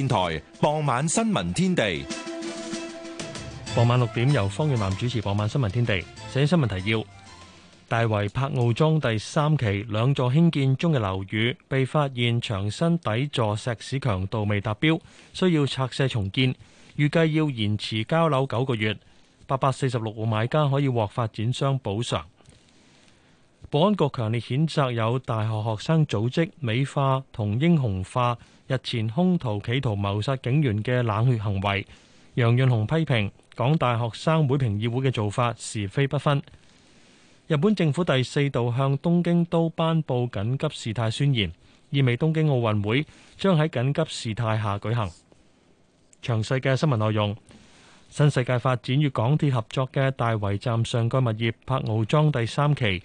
電台傍，傍晚新聞天地，傍晚六點由方遠南主持。傍晚新聞天地，先新聞提要：大圍柏傲莊第三期兩座興建中嘅樓宇被發現牆身底座石屎強度未達標，需要拆卸重建，預計要延遲交樓九個月。八百四十六戶買家可以獲發展商補償。保安局強烈譴責有大學學生組織美化同英雄化日前兇徒企圖謀殺警員嘅冷血行為。楊潤雄批評港大學生會評議會嘅做法是非不分。日本政府第四度向東京都頒佈緊急事態宣言，意味東京奧運會將喺緊急事態下舉行。詳細嘅新聞內容，新世界發展與港鐵合作嘅大圍站上蓋物業柏傲莊第三期，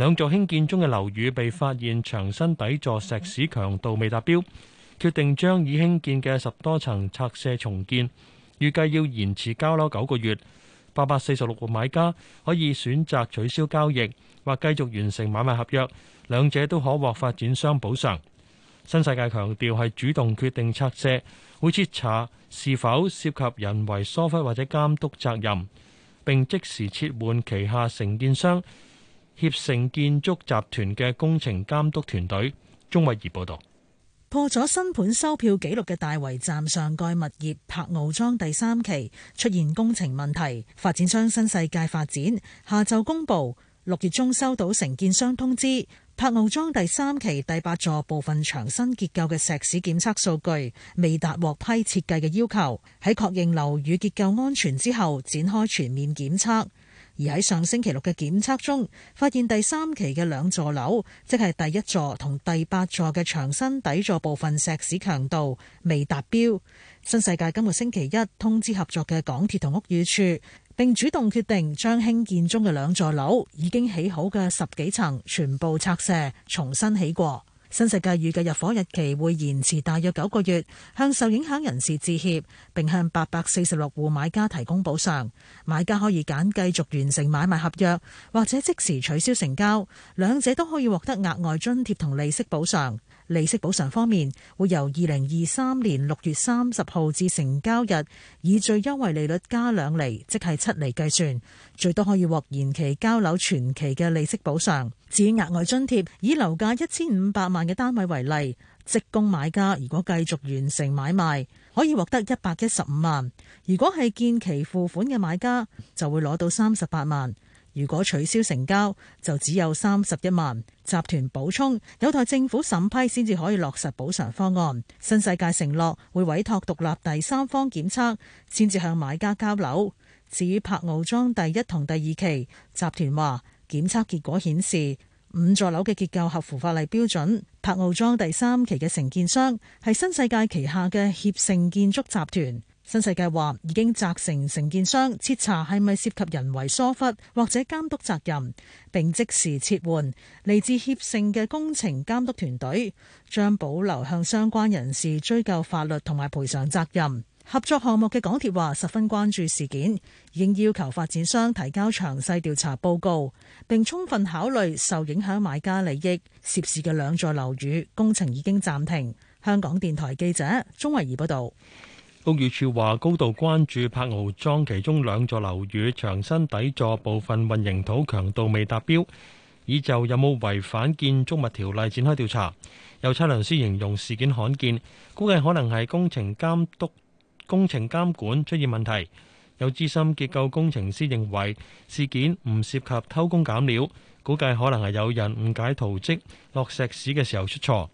兩座興建中嘅樓宇被發現牆身底座石屎強度未達標，決定將已興建嘅十多層拆卸重建，預計要延遲交樓九個月。八百四十六個買家可以選擇取消交易或繼續完成買賣合約，兩者都可獲發展商補償。新世界強調係主動決定拆卸，會徹查是否涉及人為疏忽或者監督責任，並即時撤換旗下承建商。協盛建築集團嘅工程監督團隊鍾蔚爾報道，破咗新盤收票紀錄嘅大圍站上蓋物業柏傲莊第三期出現工程問題，發展商新世界發展下晝公布，六月中收到承建商通知，柏傲莊第三期第八座部分牆身結構嘅石屎檢測數據未達獲批設計嘅要求，喺確認樓宇結構安全之後，展開全面檢測。而喺上星期六嘅檢測中，發現第三期嘅兩座樓，即係第一座同第八座嘅牆身底座部分石屎強度未達標。新世界今個星期一通知合作嘅港鐵同屋宇署，並主動決定將興建中嘅兩座樓已經起好嘅十幾層全部拆卸，重新起過。新世界預計入伙日期會延遲大約九個月，向受影響人士致歉，並向八百四十六戶買家提供補償。買家可以揀繼續完成買賣合約，或者即時取消成交，兩者都可以獲得額外津貼同利息補償。利息補償方面，會由二零二三年六月三十號至成交日，以最優惠利率加兩厘，即係七厘計算，最多可以獲延期交樓全期嘅利息補償。至於額外津貼，以樓價一千五百萬嘅單位為例，即供買家如果繼續完成買賣，可以獲得一百一十五萬；如果係見期付款嘅買家，就會攞到三十八萬。如果取消成交，就只有三十一萬。集團補充，有待政府審批先至可以落實補償方案。新世界承諾會委託獨立第三方檢測先至向買家交樓。至於柏傲莊第一同第二期，集團話檢測結果顯示五座樓嘅結構合符法例標準，柏傲莊第三期嘅承建商係新世界旗下嘅協盛建築集團。新世界話已經責成承建商徹查係咪涉及人為疏忽或者監督責任，並即時撤換嚟自協成嘅工程監督團隊，將保留向相關人士追究法律同埋賠償責任。合作項目嘅港鐵話十分關注事件，已經要求發展商提交詳細調查報告，並充分考慮受影響買家利益。涉事嘅兩座樓宇工程已經暫停。香港電台記者鍾慧儀報道。屋宇署話高度關注柏傲莊其中兩座樓宇牆身底座部分混凝土強度未達標，已就有冇違反建築物條例展開調查。有測量師形容事件罕見，估計可能係工程監督工程監管出現問題。有資深結構工程師認為事件唔涉及偷工減料，估計可能係有人誤解圖則落石屎嘅時候出錯。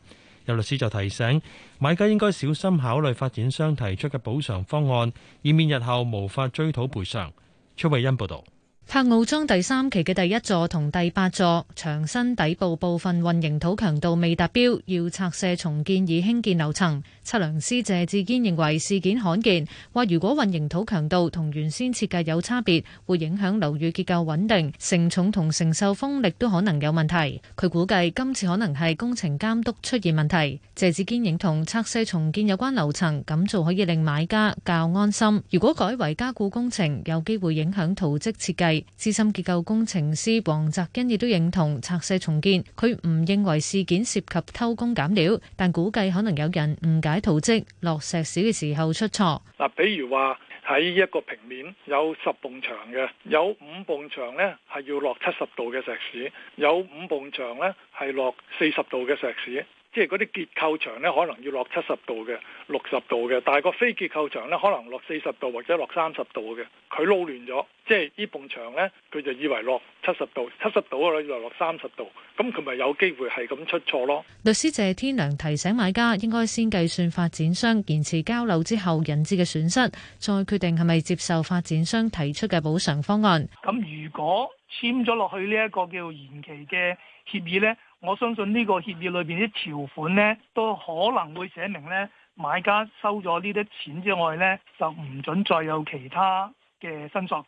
有律師就提醒，買家應該小心考慮發展商提出嘅補償方案，以免日後無法追討賠償。崔慧欣報導。柏傲莊第三期嘅第一座同第八座牆身底部部分混凝土強度未達標，要拆卸重建，以興建樓層。測量師謝志堅認為事件罕見，話如果混凝土強度同原先設計有差別，會影響樓宇結構穩定、承重同承受風力都可能有問題，佢估計今次可能係工程監督出現問題。謝志堅認同拆卸重建有關樓層，咁做可以令買家較安心。如果改為加固工程，有機會影響圖則設計。資深結構工程師王澤根亦都認同拆卸重建，佢唔認為事件涉及偷工減料，但估計可能有人誤解圖紙，落石屎嘅時候出錯。嗱，比如話喺一個平面有十埲牆嘅，有五埲牆呢係要落七十度嘅石屎，有五埲牆呢係落四十度嘅石屎。即係嗰啲結構牆咧，可能要落七十度嘅、六十度嘅，但係個非結構牆咧，可能落四十度或者落三十度嘅。佢撈亂咗，即係呢埲牆咧，佢就以為落七十度，七十度啊，原來落三十度，咁佢咪有機會係咁出錯咯？律師謝天良提醒買家，應該先計算發展商延遲交樓之後引致嘅損失，再決定係咪接受發展商提出嘅補償方案。咁如果簽咗落去呢一個叫延期嘅協議咧？我相信呢個協議裏邊啲條款咧，都可能會寫明咧，買家收咗呢啲錢之外咧，就唔准再有其他嘅申索，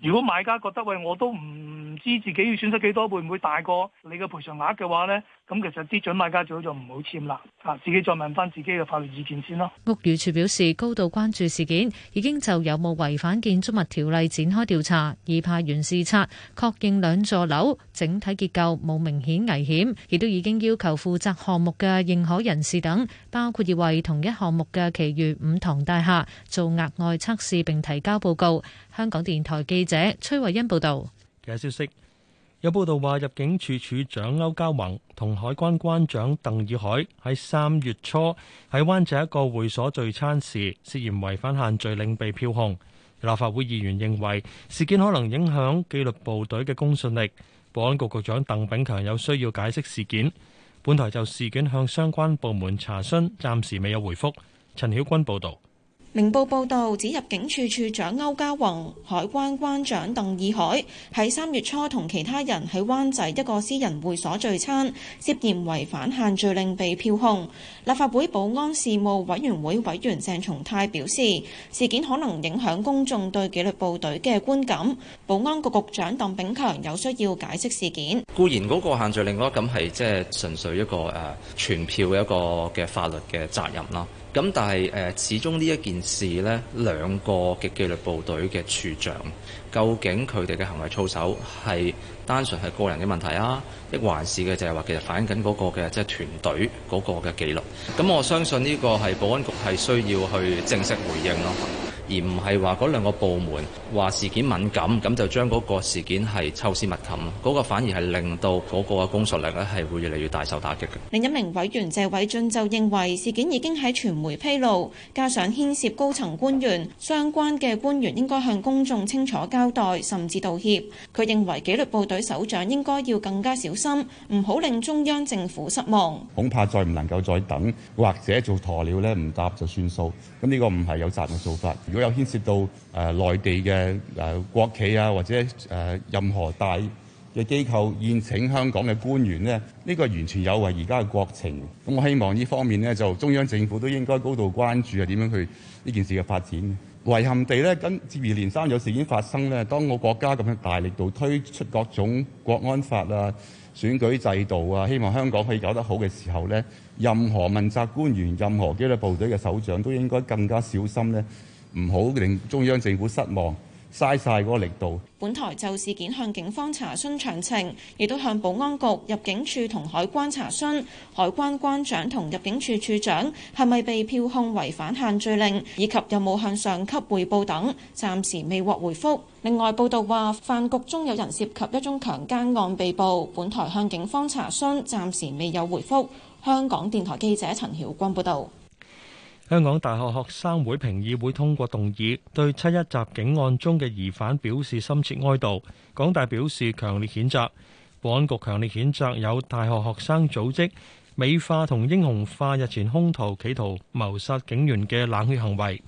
如果買家覺得喂我都唔知自己要損失幾多，會唔會大過你嘅賠償額嘅話呢，咁其實啲準買家最好就唔好簽啦，啊，自己再問翻自己嘅法律意見先咯。屋宇署表示高度關注事件，已經就有冇違反建築物條例展開調查，已派員視察確認兩座樓整體結構冇明顯危險，亦都已經要求負責項目嘅認可人士等，包括要為同一項目嘅其餘五幢大廈做額外測試並提交報告。香港電台記者崔慧欣報道。其他消息，有報道話，入境處處長歐嘉宏同海關關長鄧以海喺三月初喺灣仔一個會所聚餐時，涉嫌違反限聚令被票控。立法會議員認為事件可能影響紀律部隊嘅公信力。保安局局長鄧炳強有需要解釋事件。本台就事件向相關部門查詢，暫時未有回覆。陳曉君報道。明報報導指入境處處長歐家宏、海關關長鄧義海喺三月初同其他人喺灣仔一個私人會所聚餐，涉嫌違反限聚令被票控。立法會保安事務委員會委員鄭松泰表示，事件可能影響公眾對紀律部隊嘅觀感。保安局局長鄧炳強有需要解釋事件。固然嗰個限聚令嗰個咁係即係純粹一個誒傳、呃、票一個嘅法律嘅責任啦。咁但係誒，始終呢一件事呢，兩個嘅紀律部隊嘅處長，究竟佢哋嘅行為操守係單純係個人嘅問題啊，亦還是嘅就係話其實反映緊嗰個嘅即係團隊嗰個嘅紀律？咁我相信呢個係保安局係需要去正式回應咯。而唔係話嗰兩個部門話事件敏感，咁就將嗰個事件係抽絲剷，嗰、嗰個反而係令到嗰個嘅公信力咧係會越嚟越大受打擊嘅。另一名委員謝偉俊就認為事件已經喺傳媒披露，加上牽涉高層官員，相關嘅官員應該向公眾清楚交代，甚至道歉。佢認為紀律部隊首長應該要更加小心，唔好令中央政府失望。恐怕再唔能夠再等，或者做鴕鳥咧，唔答就算數，咁呢個唔係有責嘅做法。有牽涉到誒內、呃、地嘅誒、呃、國企啊，或者誒、呃、任何大嘅機構，宴請香港嘅官員咧，呢、這個完全有違而家嘅國情。咁我希望呢方面咧，就中央政府都應該高度關注，係點樣去呢件事嘅發展。遺憾地咧，跟接二連三有事件發生咧，當我國家咁樣大力度推出各種國安法啊、選舉制度啊，希望香港可以搞得好嘅時候咧，任何問責官員、任何紀律部隊嘅首長，都應該更加小心咧。唔好令中央政府失望，嘥晒嗰個力度。本台就事件向警方查詢詳情，亦都向保安局、入境處同海關查詢，海關關長同入境處處長係咪被票控違反限聚令，以及有冇向上級匯報等，暫時未獲回覆。另外報道話，飯局中有人涉及一宗強姦案被捕，本台向警方查詢，暫時未有回覆。香港電台記者陳曉君報道。香港大學學生會評議會通過動議，對七一襲警案中嘅疑犯表示深切哀悼。港大表示強烈譴責，保安局強烈譴責有大學學生組織美化同英雄化日前兇徒企圖謀殺警員嘅冷血行為。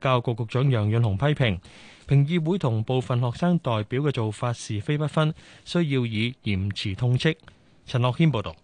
教育局局長楊潤雄批評評議會同部分學生代表嘅做法是非不分，需要以嚴詞痛斥。陳樂軒報導。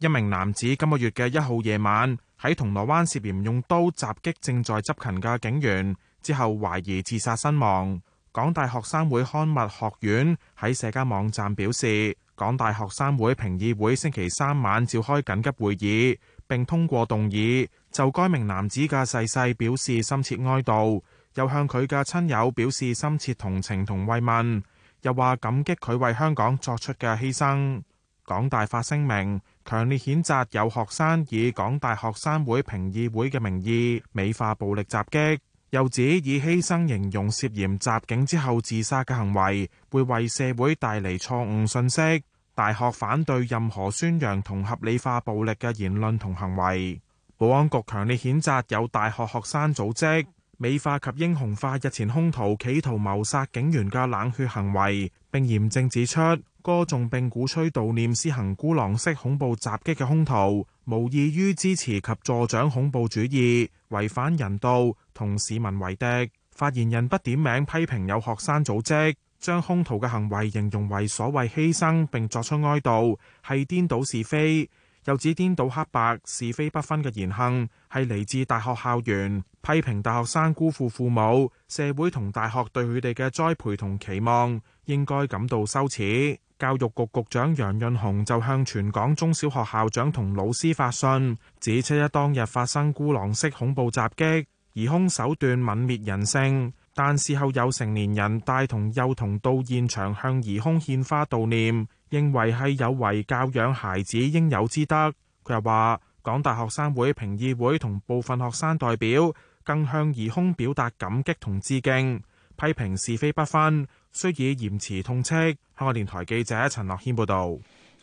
一名男子今個月嘅一號夜晚喺銅鑼灣涉嫌用刀襲擊正在執勤嘅警員，之後懷疑自殺身亡。港大學生會刊物學院喺社交網站表示，港大學生會評議會星期三晚召開緊急會議，並通過動議就該名男子嘅逝世表示深切哀悼，又向佢嘅親友表示深切同情同慰問，又話感激佢為香港作出嘅犧牲。港大發聲明。強烈譴責有學生以港大學生會評議會嘅名義美化暴力襲擊，又指以犧牲形容涉嫌襲警之後自殺嘅行為，會為社會帶嚟錯誤信息。大學反對任何宣揚同合理化暴力嘅言論同行為。保安局強烈譴責有大學學生組織美化及英雄化日前兇徒企圖謀殺警員嘅冷血行為，並嚴正指出。歌頌並鼓吹悼念施行孤狼式恐怖襲擊嘅凶徒，無異於支持及助長恐怖主義，違反人道，同市民為敵。發言人不點名批評有學生組織將凶徒嘅行為形容為所謂犧牲，並作出哀悼，係顛倒是非，又指顛倒黑白、是非不分嘅言行係嚟自大學校園，批評大學生辜負父母、社會同大學對佢哋嘅栽培同期望，應該感到羞恥。教育局局長楊潤雄就向全港中小學校長同老師發信，指七一當日發生孤狼式恐怖襲擊，疑兇手段泯滅人性，但事後有成年人帶同幼童到現場向疑兇獻花悼念，認為係有違教養孩子應有之德。佢又話，港大學生會評議會同部分學生代表更向疑兇表達感激同致敬，批評是非不分。需以嚴詞痛斥。香港電台記者陳樂謙報道，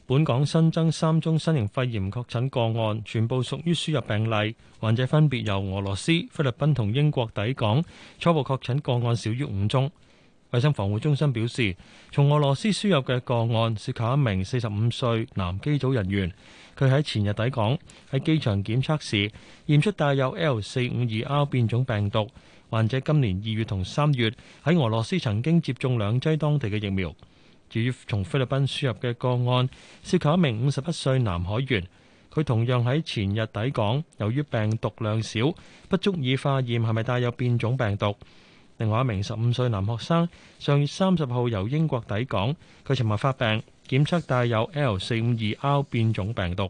本港新增三宗新型肺炎確診個案，全部屬於輸入病例，患者分別由俄羅斯、菲律賓同英國抵港。初步確診個案少於五宗。衛生防護中心表示，從俄羅斯輸入嘅個案涉及一名四十五歲男機組人員，佢喺前日抵港，喺機場檢測時驗出帶有 L 四五二 R 變種病毒。患者今年二月同三月喺俄羅斯曾經接種兩劑當地嘅疫苗。至於從菲律賓輸入嘅個案，涉及一名五十一歲男海員，佢同樣喺前日抵港，由於病毒量少，不足以化驗係咪帶有變種病毒。另外一名十五歲男學生，上月三十號由英國抵港，佢尋日發病，檢測帶有 L 四五二 R 變種病毒。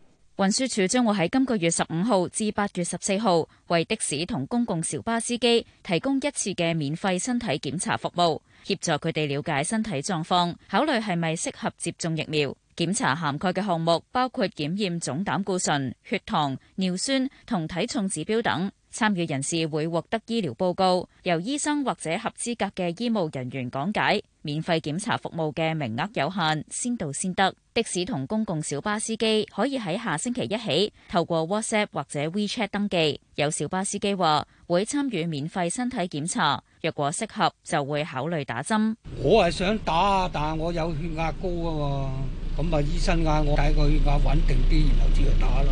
運輸署將會喺今個月十五號至八月十四號，為的士同公共小巴司機提供一次嘅免費身體檢查服務，協助佢哋了解身體狀況，考慮係咪適合接種疫苗。檢查涵蓋嘅項目包括檢驗總膽固醇、血糖、尿酸同體重指標等。參與人士會獲得醫療報告，由醫生或者合資格嘅醫務人員講解。免費檢查服務嘅名額有限，先到先得。的士同公共小巴司機可以喺下星期一起透過 WhatsApp 或者 WeChat 登記。有小巴司機話會參與免費身體檢查，若果適合就會考慮打針。我係想打，但我有血壓高啊。咁啊，醫生嗌我睇佢啊穩定啲，然後先去打咯。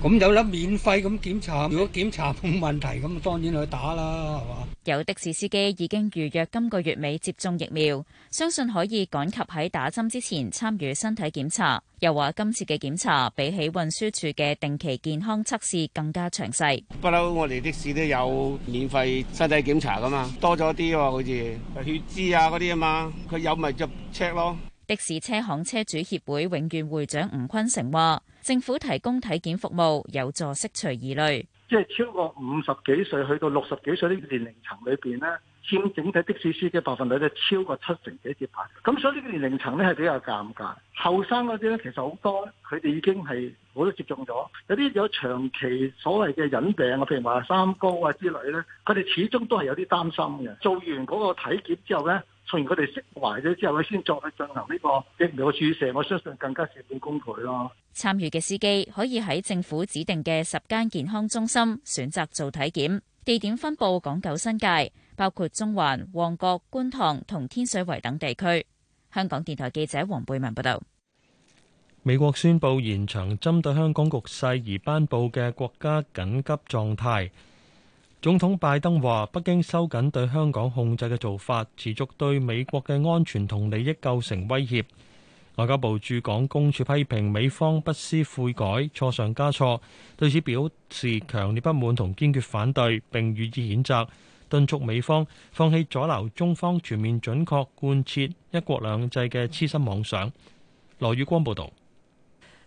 咁有得免費咁檢查，如果檢查冇問題，咁當然去打啦，係嘛？有的士司機已經預約今個月尾接種疫苗，相信可以趕及喺打針之前參與身體檢查。又話今次嘅檢查比起運輸處嘅定期健康測試更加詳細。不嬲，我哋的士都有免費身體檢查㗎嘛，多咗啲喎，好似血脂啊嗰啲啊嘛，佢有咪入 check 咯。的士車行車主協會永遠會長吳坤成話，政府提供體檢服務，有助釋除疑慮。即係超過五十幾歲，去到六十幾歲呢年齡層裏邊咧，佔整體的士司機百分率咧超過七成幾至八成。咁所以呢個年齡層咧係比較尷尬。後生嗰啲咧其實好多，佢哋已經係好多接種咗，有啲有長期所謂嘅隱病啊，譬如話三高啊之類咧，佢哋始終都係有啲擔心嘅。做完嗰個體檢之後咧。從佢哋識埋咗之後，佢先再去進行呢個疫苗注射，我相信更加事半功倍咯。參與嘅司機可以喺政府指定嘅十間健康中心選擇做體檢，地點分佈港九新界，包括中環、旺角、觀塘同天水圍等地區。香港電台記者黃貝文報道。美國宣布延長針對香港局勢而頒布嘅國家緊急狀態。總統拜登話：北京收緊對香港控制嘅做法，持續對美國嘅安全同利益構成威脅。外交部駐港公署批評美方不思悔改，錯上加錯，對此表示強烈不滿同堅決反對，並予以譴責，敦促美方放棄阻撓中方全面準確貫徹一國兩制嘅痴心妄想。羅宇光報道。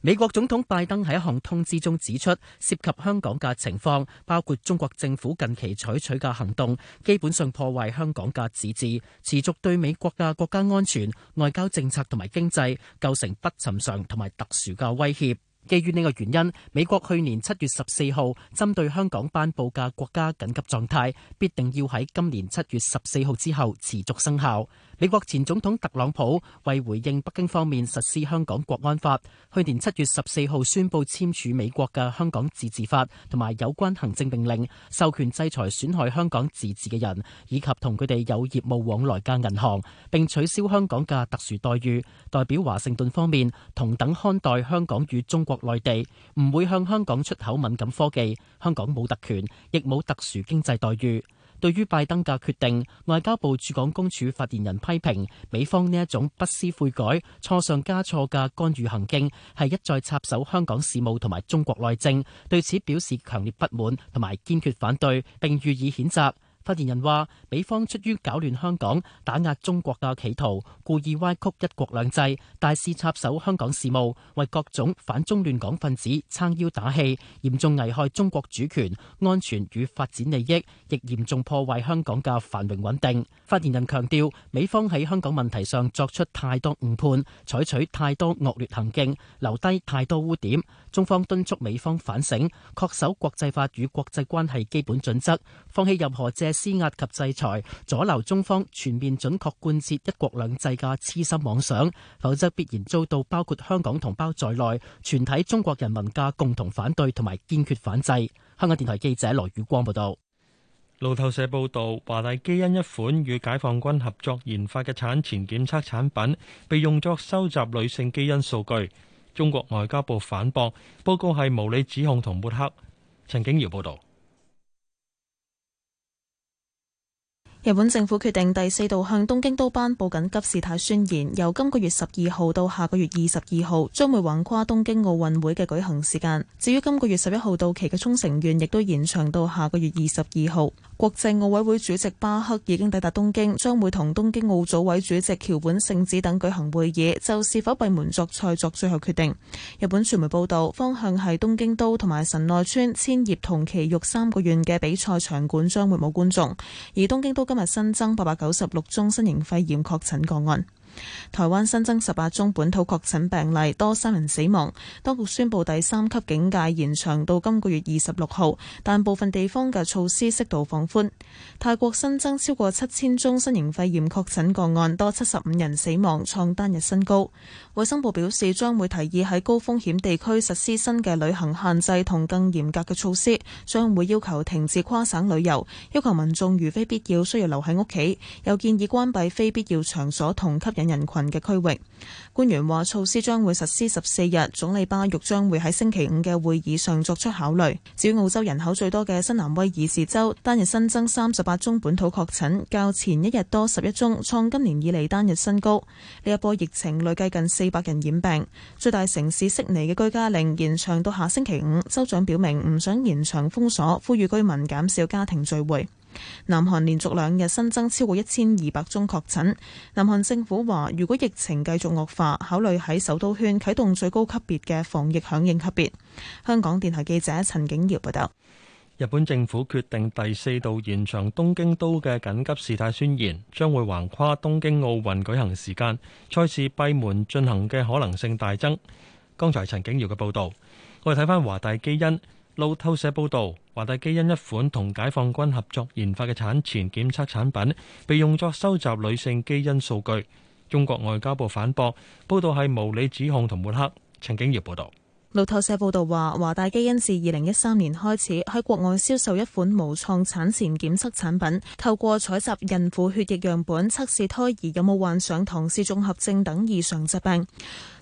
美國總統拜登喺一項通知中指出，涉及香港嘅情況，包括中國政府近期採取嘅行動，基本上破壞香港嘅自治，持續對美國嘅國家安全、外交政策同埋經濟構成不尋常同埋特殊嘅威脅。基於呢個原因，美國去年七月十四號針對香港頒布嘅國家緊急狀態，必定要喺今年七月十四號之後持續生效。美國前總統特朗普為回應北京方面實施香港國安法，去年七月十四號宣布簽署美國嘅《香港自治法》同埋有關行政命令，授權制裁損害香港自治嘅人，以及同佢哋有業務往來嘅銀行，並取消香港嘅特殊待遇。代表華盛頓方面同等看待香港與中國內地，唔會向香港出口敏感科技。香港冇特權，亦冇特殊經濟待遇。對於拜登嘅決定，外交部駐港公署發言人批評美方呢一種不思悔改、錯上加錯嘅干預行徑，係一再插手香港事務同埋中國內政，對此表示強烈不滿同埋堅決反對，並予以譴責。發言人話：美方出於搞亂香港、打壓中國嘅企圖，故意歪曲一國兩制，大肆插手香港事務，為各種反中亂港分子撐腰打氣，嚴重危害中國主權、安全與發展利益，亦嚴重破壞香港嘅繁榮穩定。發言人強調，美方喺香港問題上作出太多誤判，採取太多惡劣行徑，留低太多污點。中方敦促美方反省，恪守國際法與國際關係基本準則，放棄任何借施壓及制裁，阻撓中方全面準確貫徹一國兩制嘅痴心妄想，否則必然遭到包括香港同胞在內全體中國人民嘅共同反對同埋堅決反制。香港電台記者羅宇光報道。路透社報道，華大基因一款與解放軍合作研發嘅產前檢測產品被用作收集女性基因數據。中國外交部反駁，報告係無理指控同抹黑。陳景堯報道。日本政府決定第四度向東京都頒布緊急事態宣言，由今個月十二號到下個月二十二號，將會橫跨東京奧運會嘅舉行時間。至於今個月十一號到期嘅沖繩縣，亦都延長到下個月二十二號。國際奧委會主席巴克已經抵達東京，將會同東京奧組委主席橋本聖子等舉行會議，就是否閉門作賽作最後決定。日本傳媒報道，方向係東京都同埋神奈川、千葉同埼玉三個縣嘅比賽場館將會冇觀眾，而東京都。今日新增八百九十六宗新型肺炎確診個案。台灣新增十八宗本土確診病例，多三人死亡。當局宣布第三級警戒延長到今個月二十六號，但部分地方嘅措施適度放寬。泰國新增超過七千宗新型肺炎確診個案，多七十五人死亡，創單日新高。衛生部表示將會提議喺高風險地區實施新嘅旅行限制同更嚴格嘅措施，將會要求停止跨省旅遊，要求民眾如非必要需要留喺屋企，又建議關閉非必要場所同吸引人群嘅區域，官員話措施將會實施十四日。總理巴育將會喺星期五嘅會議上作出考慮。至於澳洲人口最多嘅新南威爾士州，單日新增三十八宗本土確診，較前一日多十一宗，創今年以嚟單日新高。呢一波疫情累計近四百人染病。最大城市悉尼嘅居家令延長到下星期五。州長表明唔想延長封鎖，呼籲居民減少家庭聚會。南韓連續兩日新增超過一千二百宗確診。南韓政府話，如果疫情繼續惡化，考慮喺首都圈啟動最高級別嘅防疫響應級別。香港電台記者陳景堯報道。日本政府決定第四度延長東京都嘅緊急事態宣言，將會橫跨東京奧運舉行時間，賽事閉門進行嘅可能性大增。剛才陳景堯嘅報道，我哋睇翻華大基因。路透社報道，華大基因一款同解放軍合作研發嘅產前檢測產品，被用作收集女性基因數據。中國外交部反駁報道係無理指控同抹黑。陳景耀報道，路透社報道話，華大基因自二零一三年開始喺國外銷售一款無創產前檢測產品，透過採集孕婦血液樣本測試胎兒有冇患上唐氏綜合症等異常疾病。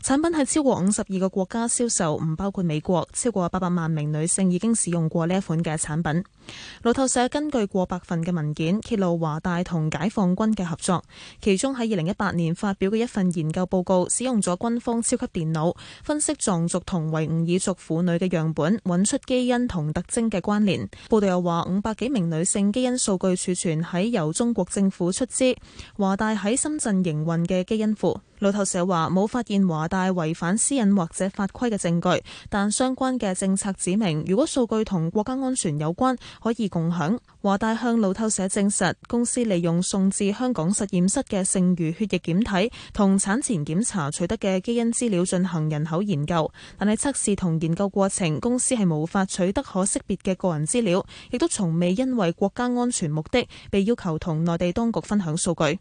產品係超過五十二個國家銷售，唔包括美國。超過八百萬名女性已經使用過呢一款嘅產品。路透社根據過百份嘅文件揭露，華大同解放軍嘅合作，其中喺二零一八年發表嘅一份研究報告，使用咗軍方超級電腦分析藏族同維吾爾族婦女嘅樣本，搵出基因同特徵嘅關聯。報道又話，五百幾名女性基因數據儲存喺由中國政府出資，華大喺深圳營運嘅基因庫。路透社話冇發現華大違反私隱或者法規嘅證據，但相關嘅政策指明，如果數據同國家安全有關，可以共享。華大向路透社證實，公司利用送至香港實驗室嘅剩餘血液檢體同產前檢查取得嘅基因資料進行人口研究，但係測試同研究過程，公司係無法取得可識別嘅個人資料，亦都從未因為國家安全目的被要求同內地當局分享數據。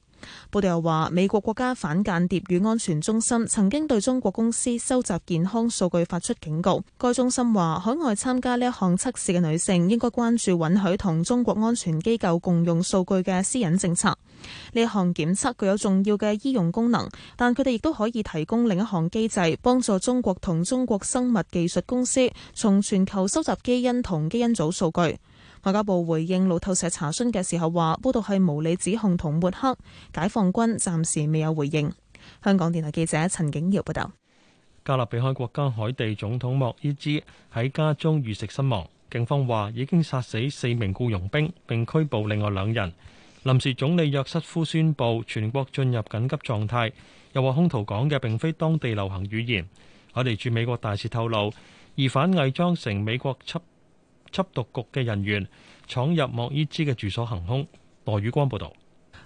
報道又話，美國國家反間諜與安全中心曾經對中國公司收集健康數據發出警告。該中心話，海外參加呢一項測試嘅女性應該關注允許同中國安全機構共用數據嘅私隱政策。呢一項檢測具有重要嘅醫用功能，但佢哋亦都可以提供另一項機制，幫助中國同中國生物技術公司從全球收集基因同基因組數據。外交部回應路透社查詢嘅時候話，報道係無理指控同抹黑，解放軍暫時未有回應。香港電台記者陳景瑤報道。加勒比海國家海地總統莫伊茲喺家中遇刺身亡，警方話已經殺死四名僱傭兵，並拘捕另外兩人。臨時總理約瑟夫宣布全國進入緊急狀態，又話兇徒講嘅並非當地流行語言。我哋駐美國大使透露，疑犯偽裝成美國緝緝毒局嘅人員闖入莫伊茲嘅住所行凶。羅宇光報道，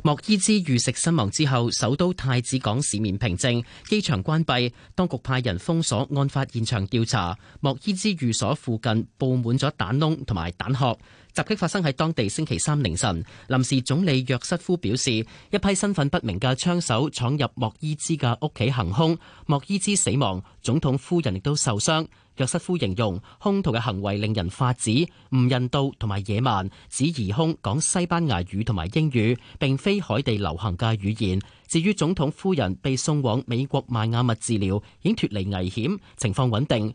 莫伊茲遇殺身亡之後，首都太子港市面平靜，機場關閉，當局派人封鎖案發現場調查。莫伊茲寓所附近佈滿咗彈窿同埋彈殼。襲擊發生喺當地星期三凌晨。臨時總理約瑟夫表示，一批身份不明嘅槍手闖入莫伊茲嘅屋企行凶，莫伊茲死亡，總統夫人亦都受傷。約瑟夫形容，凶徒嘅行為令人髮指、唔人道同埋野蠻，指疑凶講西班牙語同埋英語，並非海地流行嘅語言。至於總統夫人被送往美國邁阿密治療，已經脫離危險，情況穩定。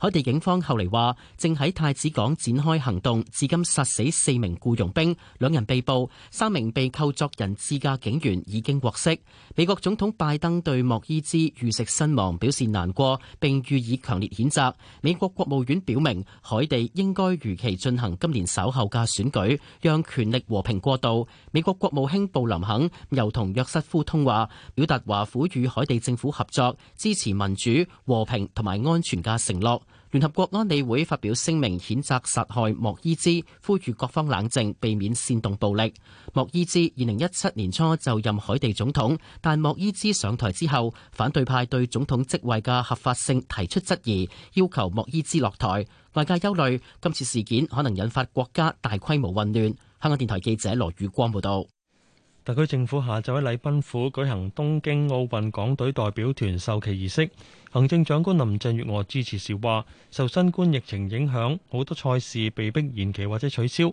海地警方後嚟話，正喺太子港展開行動，至今殺死四名僱傭兵，兩人被捕，三名被扣作人質嘅警員已經獲釋。美國總統拜登對莫伊茲遇刺身亡表示難過，並予以強烈譴責。美國國務院表明，海地應該如期進行今年稍後嘅選舉，讓權力和平過渡。美國國務卿布林肯又同約瑟夫通話，表達華府與海地政府合作、支持民主、和平同埋安全嘅承諾。聯合國安理會發表聲明，譴責殺害莫伊茲，呼籲各方冷靜，避免煽動暴力。莫伊茲二零一七年初就任海地總統，但莫伊茲上台之後，反對派對總統職位嘅合法性提出質疑，要求莫伊茲落台。外界憂慮，今次事件可能引發國家大規模混亂。香港電台記者羅宇光報道。特區政府下晝喺禮賓府舉行東京奧運港隊代表團授旗儀式。行政長官林鄭月娥致辭時話：受新冠疫情影響，好多賽事被迫延期或者取消，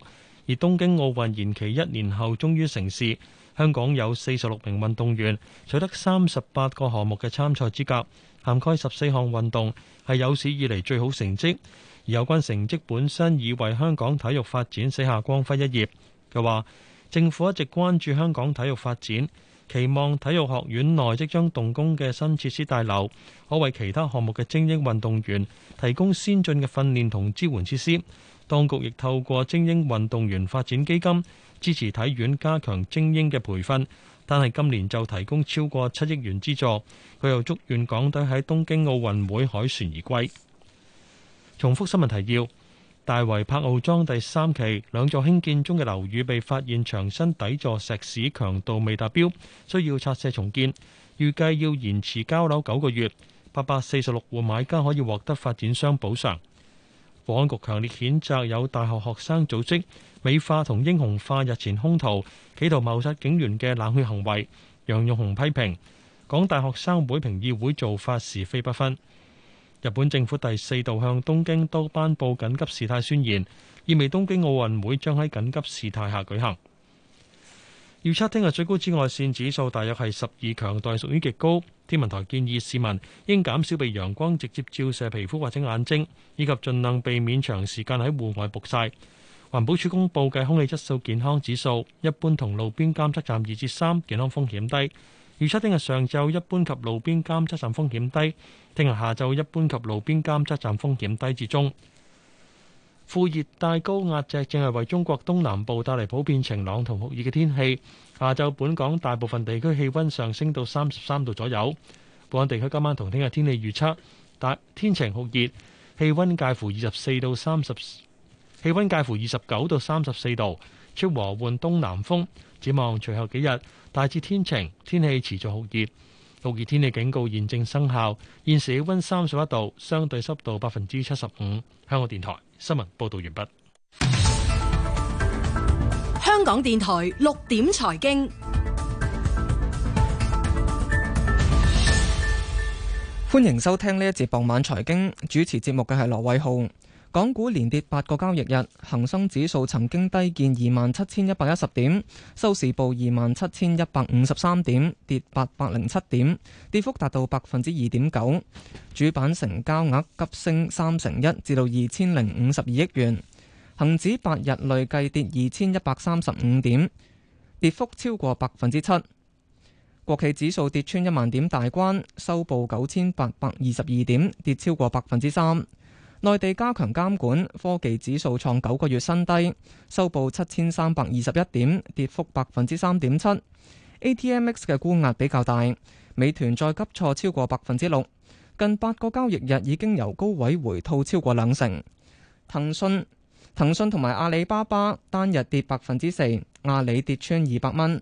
而東京奧運延期一年後終於成事。香港有四十六名運動員取得三十八個項目嘅參賽資格，涵蓋十四項運動，係有史以嚟最好成績。而有關成績本身已為香港體育發展寫下光輝一頁。佢話：政府一直關注香港體育發展。期望體育學院內即將動工嘅新設施大樓，可為其他項目嘅精英運動員提供先進嘅訓練同支援設施。當局亦透過精英運動員發展基金，支持體院加強精英嘅培訓。但係今年就提供超過七億元資助，佢又祝願港隊喺東京奧運會凱旋而歸。重複新聞提要。大圍柏傲莊第三期兩座興建中嘅樓宇被發現牆身底座石屎強度未達標，需要拆卸重建，預計要延遲交樓九個月。八百四十六戶買家可以獲得發展商補償。保安局強烈譴責有大學學生組織美化同英雄化日前兇徒企圖謀殺警員嘅冷血行為。楊潤雄批評港大學生會評議會做法是非不分。日本政府第四度向東京都頒布緊急事態宣言，意味東京奧運會將喺緊急事態下舉行。預測聽日最高紫外線指數大約係十二，強度屬於極高。天文台建議市民應減少被陽光直接照射皮膚或者眼睛，以及盡量避免長時間喺戶外曝曬。環保署公布嘅空氣質素健康指數，一般同路邊監測站二至三，健康風險低。預測聽日上晝一般及路邊監測站風險低，聽日下晝一般及路邊監測站風險低至中。副熱帶高壓脊正係為中國東南部帶嚟普遍晴朗同酷熱嘅天氣。下晝本港大部分地區氣温上升到三十三度左右。本港地區今晚同聽日天氣預測：大天晴酷熱，氣温介乎二十四到三十，氣温介乎二十九到三十四度，吹和緩東南風。展望隨後幾日，大致天晴，天氣持續酷熱，酷熱天氣警告現正生效。現時氣温三十一度，相對濕度百分之七十五。香港電台新聞報導完畢。香港電台六點財經，歡迎收聽呢一節傍晚財經主持節目嘅係羅偉浩。港股連跌八個交易日，恒生指數曾經低見二萬七千一百一十點，收市報二萬七千一百五十三點，跌八百零七點，跌幅達到百分之二點九。主板成交額急升三成一，至到二千零五十二億元。恒指八日累計跌二千一百三十五點，跌幅超過百分之七。國企指數跌穿一萬點大關，收報九千八百二十二點，跌超過百分之三。內地加強監管，科技指數創九個月新低，收報七千三百二十一點，跌幅百分之三點七。A T M X 嘅沽壓比較大，美團再急挫超過百分之六，近八個交易日已經由高位回吐超過兩成。騰訊騰訊同埋阿里巴巴單日跌百分之四，阿里跌穿二百蚊。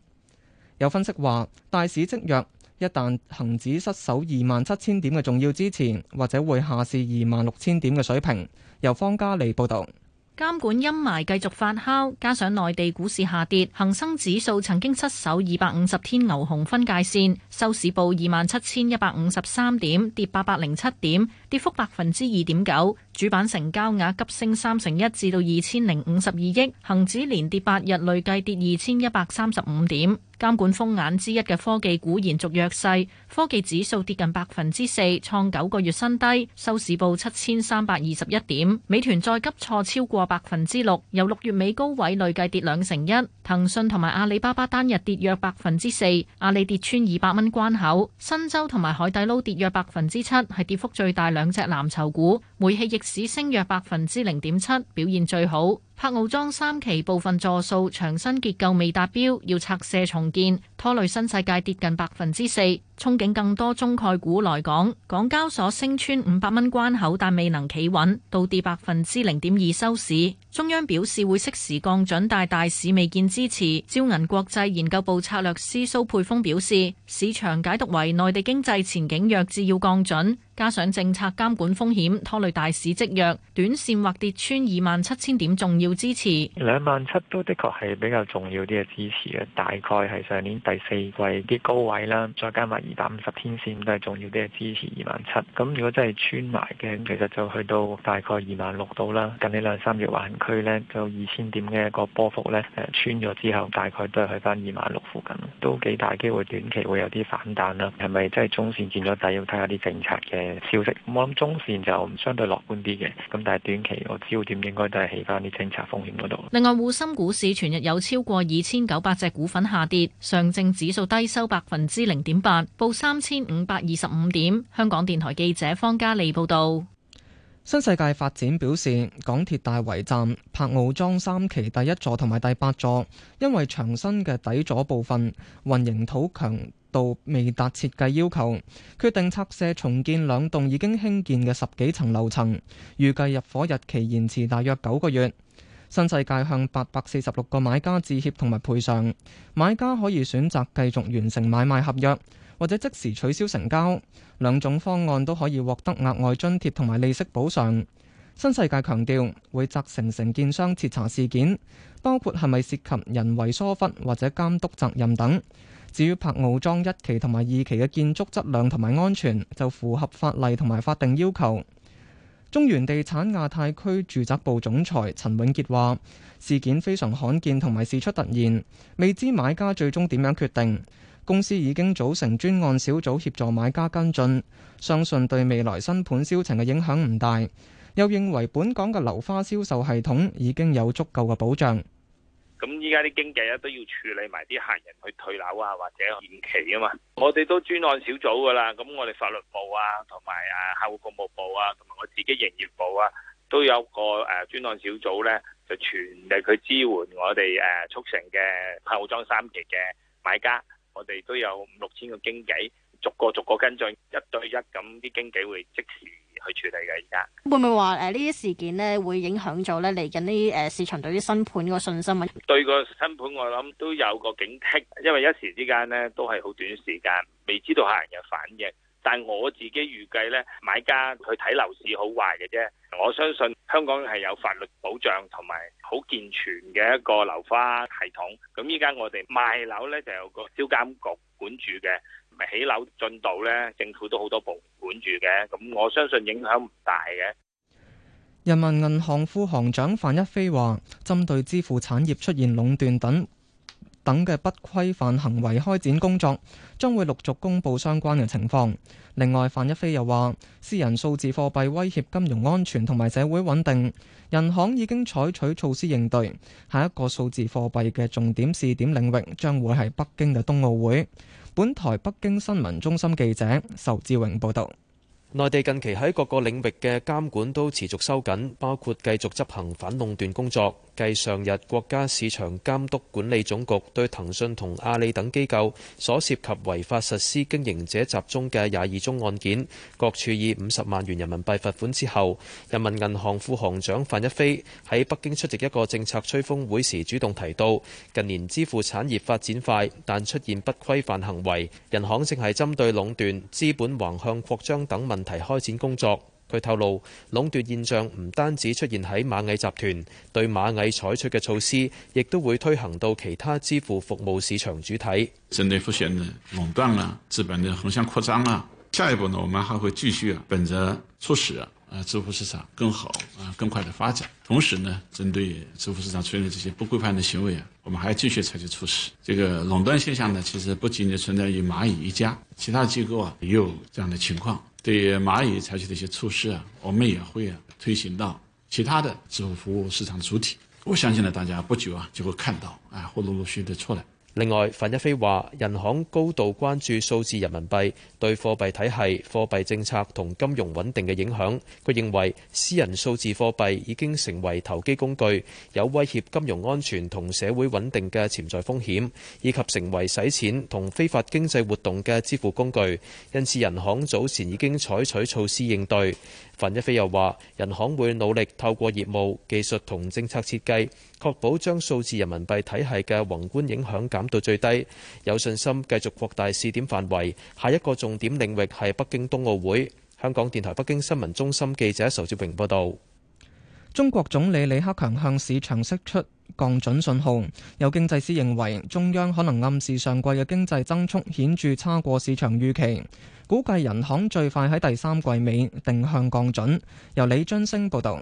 有分析話，大市積弱。一旦恒指失守二萬七千點嘅重要支持，或者會下試二萬六千點嘅水平。由方嘉利報道，監管陰霾繼續發酵，加上內地股市下跌，恒生指數曾經失守二百五十天牛熊分界線，收市報二萬七千一百五十三點，跌八百零七點跌，跌幅百分之二點九。主板成交額急升三成一，至到二千零五十二億，恒指連跌八日，累計跌二千一百三十五點。監管風眼之一嘅科技股延續弱勢，科技指數跌近百分之四，創九個月新低，收市報七千三百二十一點。美團再急挫超過百分之六，由六月尾高位累計跌兩成一。騰訊同埋阿里巴巴單日跌約百分之四，阿里跌穿二百蚊關口。新洲同埋海底撈跌約百分之七，係跌幅最大兩隻藍籌股。煤氣逆市升約百分之零點七，表現最好。柏傲莊三期部分座數牆身結構未達標，要拆卸重建。拖累新世界跌近百分之四，憧憬更多中概股來港。港交所升穿五百蚊關口，但未能企穩，倒跌百分之零點二收市。中央表示會適時降準，但大市未見支持。招銀國際研究部策略師蘇佩峰表示，市場解讀為內地經濟前景弱，至要降準，加上政策監管風險拖累大市積弱，短線或跌穿二萬七千點重要支持。兩萬七都的確係比較重要啲嘅支持嘅，大概係上年第第四季啲高位啦，再加埋二百五十天線都係重要啲嘅支持二萬七。咁如果真係穿埋嘅，其實就去到大概二萬六度啦。近呢兩三月環區咧，有二千點嘅一個波幅咧，誒穿咗之後大概都係去翻二萬六附近，都幾大機會短期會有啲反彈啦。係咪真係中線見咗底？要睇下啲政策嘅消息。我諗中線就相對樂觀啲嘅，咁但係短期個焦點應該都係喺翻啲政策風險嗰度。另外，滬深股市全日有超過二千九百隻股份下跌，上證指數低收百分之零點八，報三千五百二十五點。香港電台記者方嘉莉報道。新世界發展表示，港鐵大圍站柏傲莊三期第一座同埋第八座，因為牆身嘅底座部分運營土強度未達設計要求，決定拆卸重建兩棟已經興建嘅十幾層樓層，預計入伙日期延遲大約九個月。新世界向八百四十六個買家致歉同埋賠償，買家可以選擇繼續完成買賣合約，或者即時取消成交，兩種方案都可以獲得額外津貼同埋利息補償。新世界強調會責成承建商徹查事件，包括係咪涉及人為疏忽或者監督責任等。至於柏傲莊一期同埋二期嘅建築質量同埋安全，就符合法例同埋法定要求。中原地產亞太區住宅部總裁陳永傑話：事件非常罕見同埋事出突然，未知買家最終點樣決定。公司已經組成專案小組協助買家跟進，相信對未來新盤銷情嘅影響唔大。又認為本港嘅樓花銷售系統已經有足夠嘅保障。咁依家啲經紀咧都要處理埋啲客人去退樓啊，或者延期啊嘛。我哋都專案小組㗎喇。咁我哋法律部啊，同埋啊客戶服務部啊，同埋我自己營業部啊，都有個誒專案小組咧，就全力去支援我哋誒、啊、促成嘅後莊三期嘅買家。我哋都有五六千個經紀，逐個逐個跟進一對一，咁啲經紀會即時。去處理嘅。而家會唔會話誒呢啲事件呢，會影響咗呢，嚟緊啲誒市場對於新盤個信心啊？對個新盤，我諗都有個警惕，因為一時之間呢，都係好短時間，未知道客人嘅反應。但係我自己預計呢，買家去睇樓市好壞嘅啫。我相信香港係有法律保障同埋好健全嘅一個樓花系統。咁依家我哋賣樓呢，就有個銷監局管住嘅。起樓進度咧，政府都好多部管住嘅，咁我相信影響唔大嘅。人民銀行副行長范一飛話，針對支付產業出現壟斷等等嘅不規範行為開展工作，將會陸續公布相關嘅情況，另外，范一飛又話私人數字貨幣威脅金融安全同埋社會穩定，人行已經採取措施應對，下一個數字貨幣嘅重點試點領域將會，會，係北京嘅冬奧會。本台北京新聞中心記者仇志榮報道。內地近期喺各個領域嘅監管都持續收緊，包括繼續執行反壟斷工作。繼上日國家市場監督管理總局對騰訊同阿里等機構所涉及違法實施經營者集中嘅廿二宗案件，各處以五十萬元人民幣罰款之後，人民銀行副行長范一飛喺北京出席一個政策吹風會時主動提到，近年支付產業發展快，但出現不規範行為，人行正係針對壟斷、資本橫向擴張等問題。提開展工作，佢透露壟斷現象唔單止出現喺螞蟻集團，對螞蟻採取嘅措施，亦都會推行到其他支付服務市場主體。針對目前的壟斷啊，資本的橫向擴張啊，下一步呢，我們還會繼續啊，本着促使啊，支付市場更好啊，更快的發展。同時呢，針對支付市場出現的這些不規範的行為啊，我們還要繼續採取措施。這個壟斷現象呢，其實不僅僅存在於螞蟻一家，其他機構啊也有這樣的情況。對螞蟻採取的一些措施啊，我們也會啊推行到其他的支付服務市場主體。我相信呢，大家不久啊就會看到，啊、哎，會陸陸續續的出來。另外，范一飛話：人行高度關注數字人民幣對貨幣體系、貨幣政策同金融穩定嘅影響。佢認為，私人數字貨幣已經成為投機工具，有威脅金融安全同社會穩定嘅潛在風險，以及成為洗錢同非法經濟活動嘅支付工具。因此，人行早前已經採取措施應對。范一飛又話：人行會努力透過業務、技術同政策設計，確保將數字人民幣體系嘅宏觀影響減到最低，有信心繼續擴大試點範圍。下一個重點領域係北京冬奧會。香港電台北京新聞中心記者仇志榮報導。中國總理李克強向市場釋出降準信號，有經濟師認為中央可能暗示上季嘅經濟增速顯著差過市場預期，估計人行最快喺第三季尾定向降準。由李津升報導。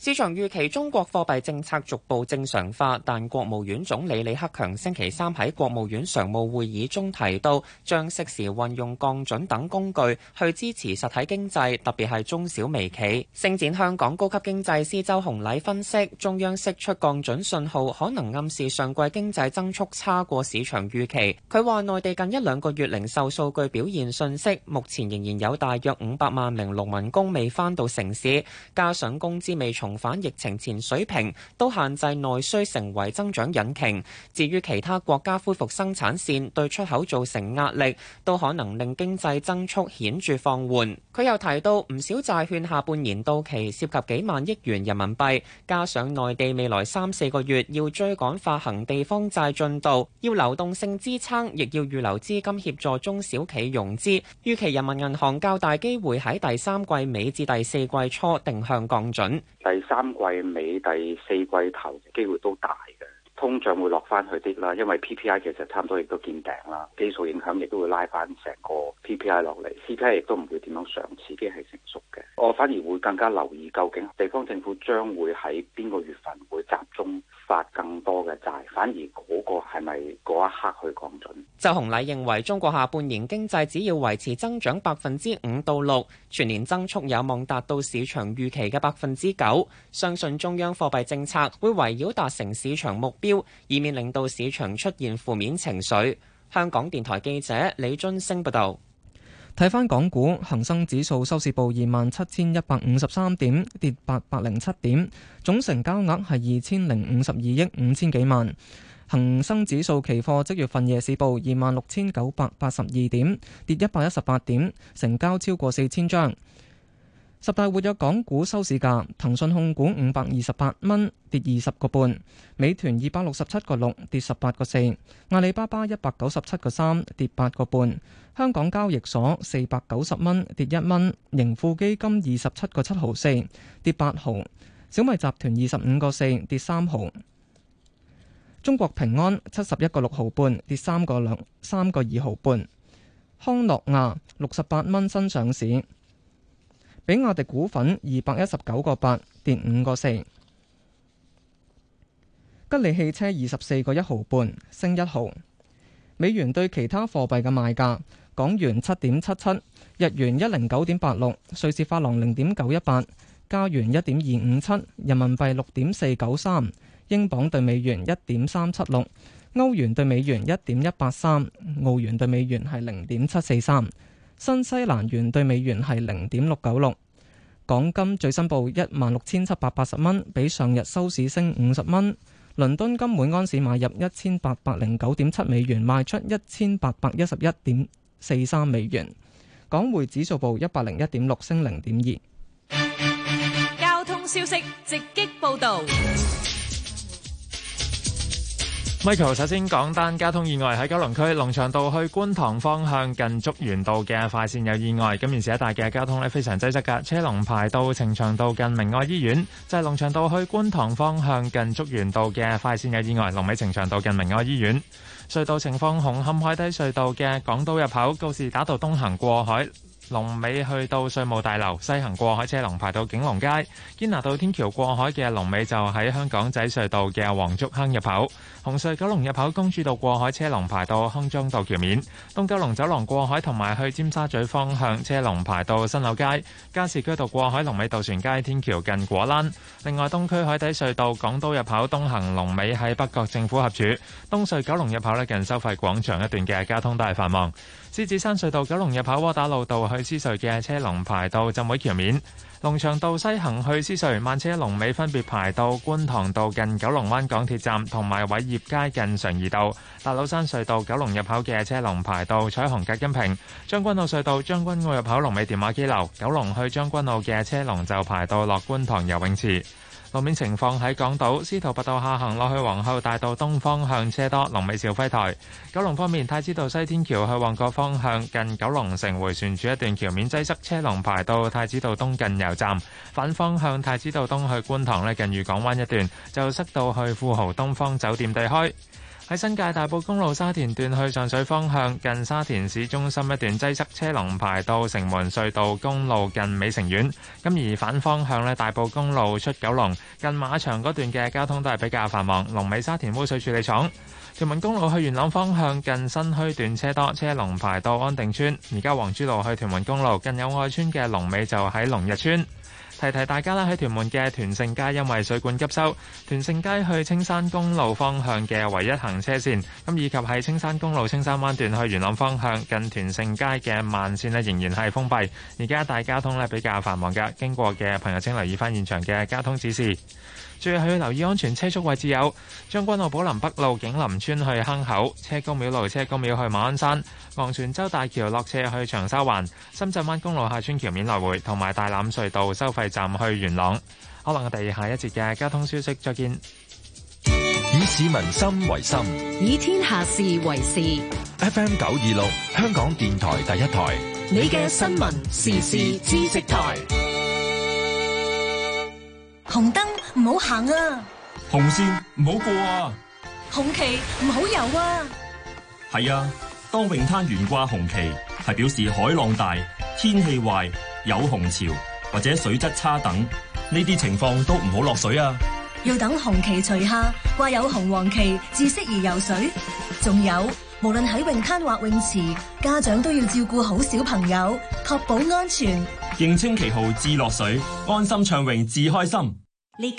市場預期中國貨幣政策逐步正常化，但國務院總理李克強星期三喺國務院常務會議中提到，將適時運用降準等工具去支持實體經濟，特別係中小微企。星展香港高級經濟師周紅禮分析，中央釋出降準信號，可能暗示上季經濟增速差過市場預期。佢話，內地近一兩個月零售數據表現遜色，目前仍然有大約五百萬名農民工未返到城市，加上工資未重重返疫情前水平，都限制內需成為增長引擎。至於其他國家恢復生產線對出口造成壓力，都可能令經濟增速顯著放緩。佢又提到，唔少債券下半年到期，涉及幾萬億元人民幣。加上內地未來三四個月要追趕發行地方債進度，要流動性支撐，亦要預留資金協助中小企融資。預期人民銀行較大機會喺第三季尾至第四季初定向降準。三季尾、第四季頭機會都大嘅，通脹會落翻去啲啦，因為 PPI 其實差唔多亦都見頂啦，基數影響亦都會拉翻成個 PPI 落嚟 ，CPI 亦都唔會點樣上，時機係成熟嘅，我反而會更加留意究竟地方政府將會喺邊個月份會集中。發更多嘅債，反而嗰個係咪嗰一刻去降準，周洪禮認為中國下半年經濟只要維持增長百分之五到六，全年增速有望達到市場預期嘅百分之九。相信中央貨幣政策會圍繞達成市場目標，以免令到市場出現負面情緒，香港電台記者李津升報道。睇返港股，恒生指數收市報二萬七千一百五十三點，跌八百零七點，總成交額係二千零五十二億五千幾萬。恒生指數期貨即月份夜市報二萬六千九百八十二點，跌一百一十八點，成交超過四千張。十大活躍港股收市價，騰訊控股五百二十八蚊，跌二十個半；美團二百六十七個六，跌十八個四；阿里巴巴一百九十七個三，跌八個半；香港交易所四百九十蚊，跌一蚊；盈富基金二十七個七毫四，跌八毫；小米集團二十五個四，跌三毫；中國平安七十一個六毫半，跌三個兩三個二毫半；康諾亞六十八蚊新上市。比亞迪股份二百一十九個八，跌五個四，吉利汽車二十四個一毫半升一毫。美元對其他貨幣嘅賣價：港元七點七七，日元一零九點八六，瑞士法郎零點九一八，加元一點二五七，人民幣六點四九三，英鎊兌美元一點三七六，歐元兌美元一點一八三，澳元兌美元係零點七四三。新西蘭元對美元係零點六九六，港金最新報一萬六千七百八十蚊，比上日收市升五十蚊。倫敦金每安士買入一千八百零九點七美元，賣出一千八百一十一點四三美元。港匯指數報一百零一點六，升零點二。交通消息直擊報道。Michael 首先講單交通意外，喺九龍區龍翔道去觀塘方向近竹園道嘅快線有意外，咁現時一帶嘅交通呢非常擠塞㗎，車龍排到呈祥道近明愛醫院，就係龍翔道去觀塘方向近竹園道嘅快線有意外，龍尾呈祥道近明愛醫院。隧道情況，紅磡海底隧道嘅港島入口告士打道東行過海。龍尾去到稅務大樓，西行過海車龍排到景隆街；堅拿道天橋過海嘅龍尾就喺香港仔隧道嘅黃竹坑入口；紅隧九龍入口公主道過海車龍排到康莊道橋面；東九龍走廊過海同埋去尖沙咀方向車龍排到新柳街；加士居道過海龍尾渡船街天橋近果欄；另外東區海底隧道港島入口東行龍尾喺北角政府合署；東隧九龍入口咧近收費廣場一段嘅交通大繁忙；獅子山隧道九龍入口窩打老道去。去獅隧嘅車龍排到浸會橋面，龍翔道西行去獅隧，慢車龍尾分別排到觀塘道近九龍灣港鐵站，同埋偉業街近常怡道。大老山隧道九龍入口嘅車龍排到彩虹隔音屏，將軍澳隧道將軍澳入口龍尾電話機樓，九龍去將軍澳嘅車龍就排到落觀塘游泳池。路面情況喺港島，司徒拔道下行落去皇后大道東方向車多，龍尾兆輝台。九龍方面，太子道西天橋去旺角方向，近九龍城迴旋處一段橋面擠塞，車龍排到太子道東近油站。反方向太子道東去觀塘咧，近御港灣一段就塞到去富豪東方酒店地區。喺新界大埔公路沙田段去上水方向，近沙田市中心一段擠塞，車龍排到城門隧道公路近美城苑。咁而反方向咧，大埔公路出九龍近馬場嗰段嘅交通都係比較繁忙。龍尾沙田污水處理廠。屯門公路去元朗方向近新墟段車多，車龍排到安定村。而家黃珠路去屯門公路近友愛村嘅龍尾就喺龍逸邨。提提大家啦，喺屯門嘅屯勝街因為水管急修，屯勝街去青山公路方向嘅唯一行車線，咁以及喺青山公路青山灣段去元朗方向近屯勝街嘅慢線咧仍然係封閉，而家大交通咧比較繁忙嘅，經過嘅朋友請留意翻現場嘅交通指示，注意去留意安全。車速位置有將軍澳寶林北路、景林村去坑口、車公廟路、車公廟去馬鞍山。昂船洲大橋落車去長沙灣，深圳灣公路下村橋面來回，同埋大欖隧道收費站去元朗。可能我哋下一節嘅交通消息，再見。以市民心為心，以天下事為事。F M 九二六，香港電台第一台，你嘅新聞時事知識台。紅燈唔好行啊！紅線唔好過啊！紅旗唔好游啊！係啊！當泳灘懸掛紅旗，係表示海浪大、天氣壞、有紅潮或者水質差等，呢啲情況都唔好落水啊！要等紅旗除下，掛有紅黃旗至適宜游水。仲有，無論喺泳灘或泳池，家長都要照顧好小朋友，確保安全。認清旗號至落水，安心暢泳至開心。